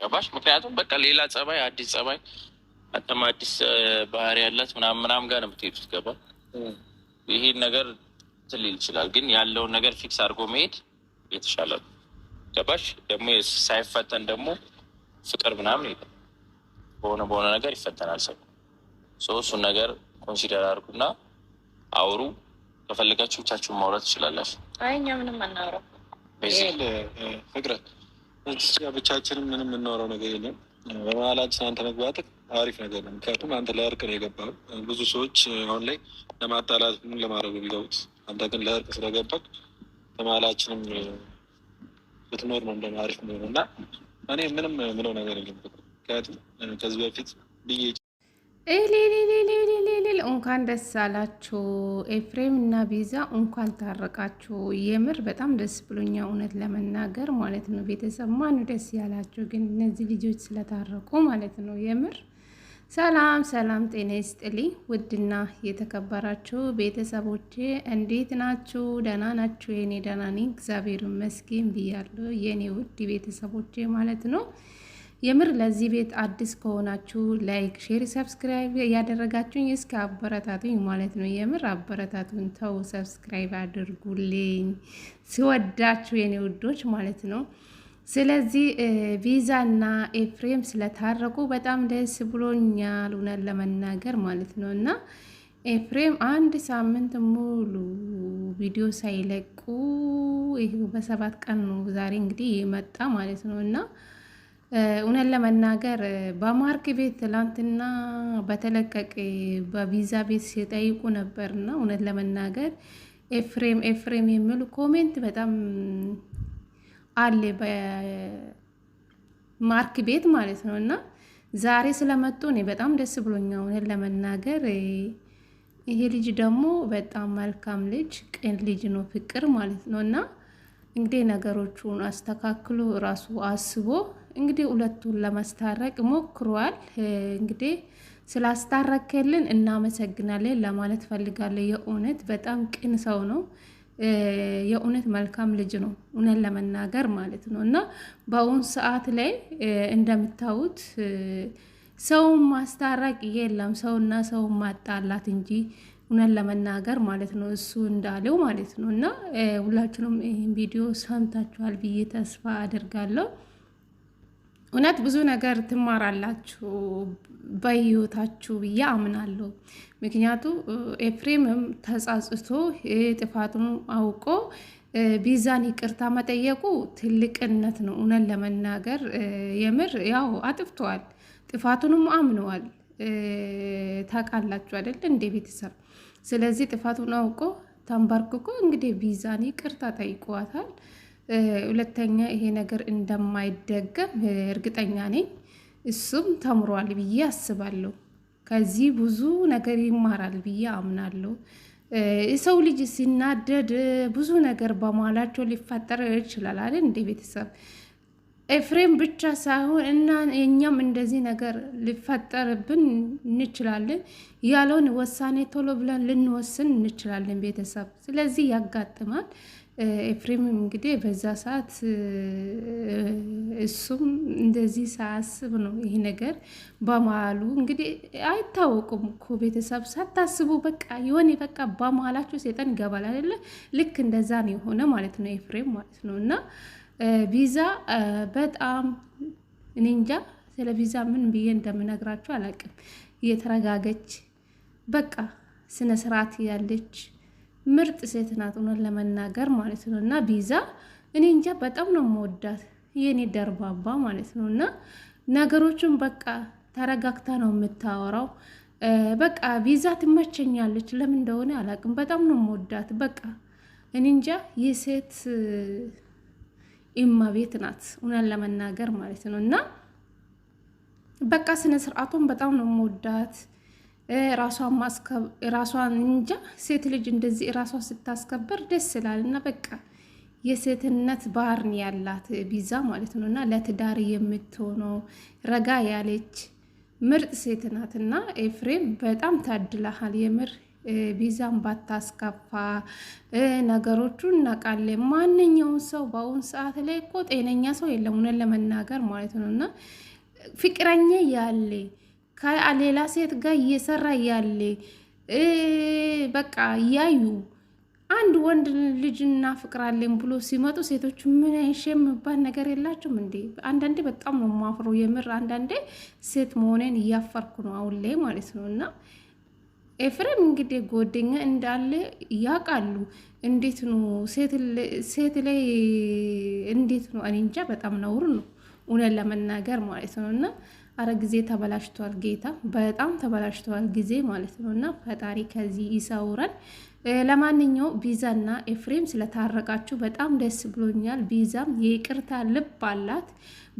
ገባሽ? ምክንያቱም በቃ ሌላ ጸባይ፣ አዲስ ጸባይ አንተም አዲስ ባህሪ ያላት ምናምን ምናምን ጋር ነው የምትሄዱት። ገባ? ይሄን ነገር ትልል ይችላል፣ ግን ያለውን ነገር ፊክስ አድርጎ መሄድ የተሻለ ነው። ገባሽ? ደግሞ ሳይፈተን ደግሞ ፍቅር ምናምን ይ በሆነ በሆነ ነገር ይፈተናል ሰው። እሱን ነገር ኮንሲደር አድርጉና አውሩ። ከፈለጋችሁ ብቻችሁን ማውራት ትችላላችሁ። አይ እኛ ምንም አናውራም። ፍቅረት እዚያ ብቻችንም ምንም የምናወራው ነገር የለም። በመሀላችን አንተ መግባት አሪፍ ነገር ነው። ምክንያቱም አንተ ለእርቅ ነው የገባ። ብዙ ሰዎች አሁን ላይ ለማጣላት ምን ለማድረግ የሚገቡት፣ አንተ ግን ለእርቅ ስለገባህ በመሀላችንም ብትኖር ነው እንደ አሪፍ ነው እና እኔ ምንም ምለው ነገር የለም። ምክንያቱም ከዚህ በፊት ብዬ ዳንኤል እንኳን ደስ አላችሁ። ኤፍሬም እና ቤዛ እንኳን ታረቃችሁ። የምር በጣም ደስ ብሎኛ እውነት ለመናገር ማለት ነው። ቤተሰብ ማን ደስ ያላችሁ ግን እነዚህ ልጆች ስለታረቁ ማለት ነው የምር ሰላም ሰላም፣ ጤና ይስጥልኝ ውድና የተከበራችሁ ቤተሰቦቼ እንዴት ናችሁ? ደህና ናችሁ? የኔ ደህና ነኝ እግዚአብሔር ይመስገን ብያለሁ የኔ ውድ ቤተሰቦቼ ማለት ነው። የምር ለዚህ ቤት አዲስ ከሆናችሁ ላይክ፣ ሼር፣ ሰብስክራይብ ያደረጋችሁኝ እስከ አበረታቱኝ ማለት ነው። የምር አበረታቱን፣ ተው ሰብስክራይብ አድርጉልኝ ሲወዳችሁ የኔ ውዶች ማለት ነው። ስለዚህ ቪዛና ኤፍሬም ስለታረቁ በጣም ደስ ብሎኛል፣ እውነት ለመናገር ማለት ነው እና ኤፍሬም አንድ ሳምንት ሙሉ ቪዲዮ ሳይለቁ ይህ በሰባት ቀን ነው ዛሬ እንግዲህ የመጣ ማለት ነው እና እውነት ለመናገር በማርክ ቤት ትላንትና በተለቀቀ በቪዛ ቤት ሲጠይቁ ነበርና እውነት ለመናገር ኤፍሬም ኤፍሬም የሚሉ ኮሜንት በጣም አለ በማርክ ቤት ማለት ነው። እና ዛሬ ስለመጡ እኔ በጣም ደስ ብሎኛ እውነት ለመናገር ይሄ ልጅ ደግሞ በጣም መልካም ልጅ ቅን ልጅ ነው፣ ፍቅር ማለት ነው። እና እንግዲህ ነገሮቹን አስተካክሎ ራሱ አስቦ እንግዲህ ሁለቱን ለማስታረቅ ሞክሯል። እንግዲህ ስላስታረከልን እናመሰግናለን ለማለት ፈልጋለሁ። የእውነት በጣም ቅን ሰው ነው። የእውነት መልካም ልጅ ነው፣ እውነት ለመናገር ማለት ነው። እና በአሁን ሰዓት ላይ እንደምታዩት ሰውን ማስታረቅ የለም ሰውና ሰውን ማጣላት እንጂ እውነት ለመናገር ማለት ነው እሱ እንዳለው ማለት ነው። እና ሁላችንም ይህን ቪዲዮ ሰምታችኋል ብዬ ተስፋ አድርጋለሁ። እውነት ብዙ ነገር ትማራላችሁ በህይወታችሁ ብዬ አምናለሁ። ምክንያቱ ኤፍሬምም ተጻጽቶ ጥፋቱን አውቆ ቢዛን ይቅርታ መጠየቁ ትልቅነት ነው። እውነት ለመናገር የምር ያው አጥፍተዋል፣ ጥፋቱንም አምነዋል። ታውቃላችሁ አይደል እንዴ ቤተሰብ። ስለዚህ ጥፋቱን አውቆ ተንበርክኮ እንግዲህ ቢዛን ይቅርታ ጠይቋታል። ሁለተኛ ይሄ ነገር እንደማይደገም እርግጠኛ ነኝ። እሱም ተምሯል ብዬ አስባለሁ። ከዚህ ብዙ ነገር ይማራል ብዬ አምናለሁ። የሰው ልጅ ሲናደድ ብዙ ነገር በማላቸው ሊፈጠር ይችላል አይደል? እንደ ቤተሰብ ኤፍሬም ብቻ ሳይሆን እና የእኛም እንደዚህ ነገር ሊፈጠርብን እንችላለን። ያለውን ውሳኔ ቶሎ ብለን ልንወስን እንችላለን ቤተሰብ። ስለዚህ ያጋጥማል። ኤፍሬምም እንግዲህ በዛ ሰዓት እሱም እንደዚህ ሳያስብ ነው ይሄ ነገር በመሀሉ እንግዲህ አይታወቁም እኮ ቤተሰብ ሳታስቡ በቃ የሆነ በቃ በመሀላቸው ሴጠን ይገባል አይደለ? ልክ እንደዛ ነው የሆነ ማለት ነው ኤፍሬም ማለት ነው። እና ቪዛ በጣም እኔ እንጃ ስለ ቪዛ ምን ብዬ እንደምነግራቸው አላውቅም። እየተረጋገች በቃ ስነ ስርዓት ያለች ምርጥ ሴት ናት እውነት ለመናገር ማለት ነው። እና ቤዛ እኔ እንጃ በጣም ነው መወዳት የኔ ደርባባ ማለት ነው። እና ነገሮችን በቃ ተረጋግታ ነው የምታወራው። በቃ ቤዛ ትመቸኛለች፣ ለምን እንደሆነ አላውቅም። በጣም ነው መወዳት በቃ እኔ እንጃ የሴት እመቤት ናት እውነት ለመናገር ማለት ነው። እና በቃ ስነ ስርዓቱን በጣም ነው መወዳት። ራሷን ማስከብ እንጃ ሴት ልጅ እንደዚህ ራሷ ስታስከበር ደስ ይላል። እና በቃ የሴትነት ባህርን ያላት ቢዛ ማለት ነው እና ለትዳር የምትሆነው ረጋ ያለች ምርጥ ሴት ናት። እና ኤፍሬም በጣም ታድላሃል የምር ቢዛን ባታስከፋ ነገሮቹ እናቃለ ማንኛውም ሰው በአሁኑ ሰዓት ላይ እኮ ጤነኛ ሰው የለም እውነት ለመናገር ማለት ነው እና ፍቅረኛ ያለ ከሌላ ሴት ጋር እየሰራ ያለ በቃ እያዩ አንድ ወንድ ልጅ እናፍቅራለን ብሎ ሲመጡ ሴቶቹ ምን አይሸም የምባል ነገር የላቸውም እንዴ? አንዳንዴ በጣም ነው ማፍሮ የምር አንዳንዴ ሴት መሆኔን እያፈርኩ ነው አሁን ላይ ማለት ነው። እና ኤፍሬም እንግዲህ ጓደኛ እንዳለ ያውቃሉ። እንዴት ነው ሴት ላይ እንዴት ነው? እኔ እንጃ በጣም ነውር ነው። እውነት ለመናገር ማለት ነው እና አረ ጊዜ ተበላሽቷል፣ ጌታ በጣም ተበላሽቷል ጊዜ ማለት ነው እና ፈጣሪ ከዚህ ይሰውረን። ለማንኛው ቢዛና ኤፍሬም ስለታረቃችሁ በጣም ደስ ብሎኛል። ቢዛም የይቅርታ ልብ አላት።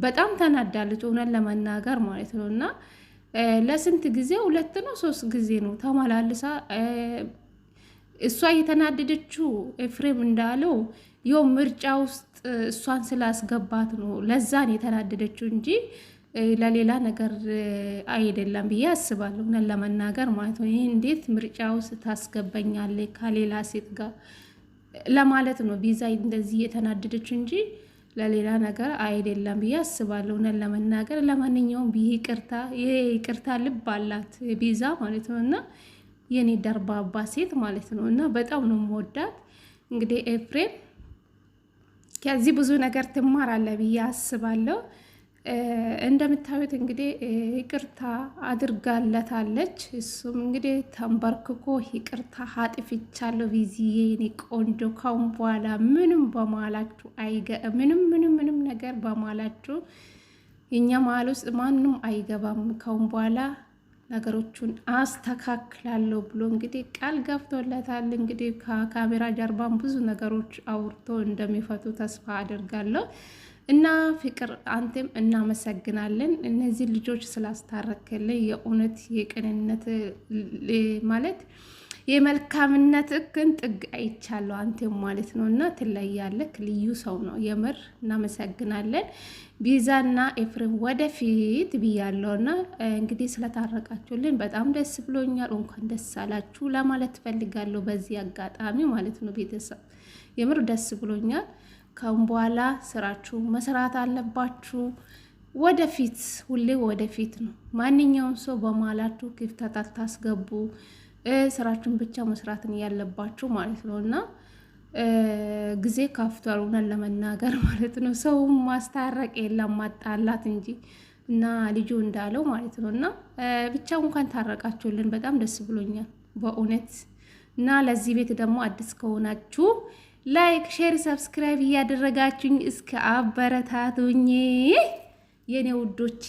በጣም ተናዳለች እውነት ለመናገር ማለት ነው እና ለስንት ጊዜ ሁለት ነው ሶስት ጊዜ ነው ተመላልሳ እሷ እየተናደደችው ኤፍሬም እንዳለው የው ምርጫ ውስጥ እሷን ስላስገባት ነው ለዛን የተናደደችው እንጂ ለሌላ ነገር አይደለም ብዬ አስባለሁ። ነን ለመናገር ማለት ነው። ይህ እንዴት ምርጫ ውስጥ ታስገባኛለች ከሌላ ሴት ጋር ለማለት ነው ቤዛ እንደዚህ የተናደደችው እንጂ ለሌላ ነገር አይደለም ብዬ አስባለሁ። ነን ለመናገር ለማንኛውም ይቅርታ ይቅርታ ልብ አላት ቤዛ ማለት ነው እና የኔ ደርባባ ሴት ማለት ነው እና በጣም ነው የምወዳት እንግዲህ ኤፍሬም ከዚህ ብዙ ነገር ትማራለህ ብዬ አስባለሁ። እንደምታዩት እንግዲህ ይቅርታ አድርጋለታለች። እሱም እንግዲህ ተንበርክኮ ይቅርታ አጥፍቻለሁ ቢዝዬ የኔ ቆንጆ፣ ካሁን በኋላ ምንም በማላችሁ አይገ ምንም ምንም ምንም ነገር በማላችሁ እኛ መሀል ውስጥ ማንም አይገባም ካሁን በኋላ ነገሮቹን አስተካክላለሁ ብሎ እንግዲህ ቃል ገብቶለታል። እንግዲህ ከካሜራ ጀርባን ብዙ ነገሮች አውርቶ እንደሚፈቱ ተስፋ አድርጋለሁ እና ፍቅር አንተም እናመሰግናለን እነዚህ ልጆች ስላስታረክልን የእውነት የቅንነት ማለት የመልካምነት እክን ጥግ አይቻለሁ አንቴም ማለት ነው። እና ትለያለክ፣ ልዩ ሰው ነው የምር እናመሰግናለን። ቤዛና ኤፍሬም ወደፊት ብያለሁ እና እንግዲህ ስለታረቃችሁልን በጣም ደስ ብሎኛል። እንኳን ደስ አላችሁ ለማለት ፈልጋለሁ በዚህ አጋጣሚ ማለት ነው። ቤተሰብ የምር ደስ ብሎኛል። ካሁን በኋላ ስራችሁ መስራት አለባችሁ። ወደፊት ሁሌ ወደፊት ነው። ማንኛውም ሰው በማላችሁ ክፍተት አታስገቡ። ስራችን ብቻ መስራትን ያለባችሁ ማለት ነው እና ጊዜ ካፍቷል፣ ሆነን ለመናገር ማለት ነው። ሰውም ማስታረቅ የለም ማጣላት እንጂ እና ልጁ እንዳለው ማለት ነው እና ብቻ እንኳን ታረቃችሁልን በጣም ደስ ብሎኛል በእውነት እና ለዚህ ቤት ደግሞ አዲስ ከሆናችሁ ላይክ፣ ሼር፣ ሰብስክራይብ እያደረጋችሁኝ እስከ አበረታቱኝ የኔ ውዶቼ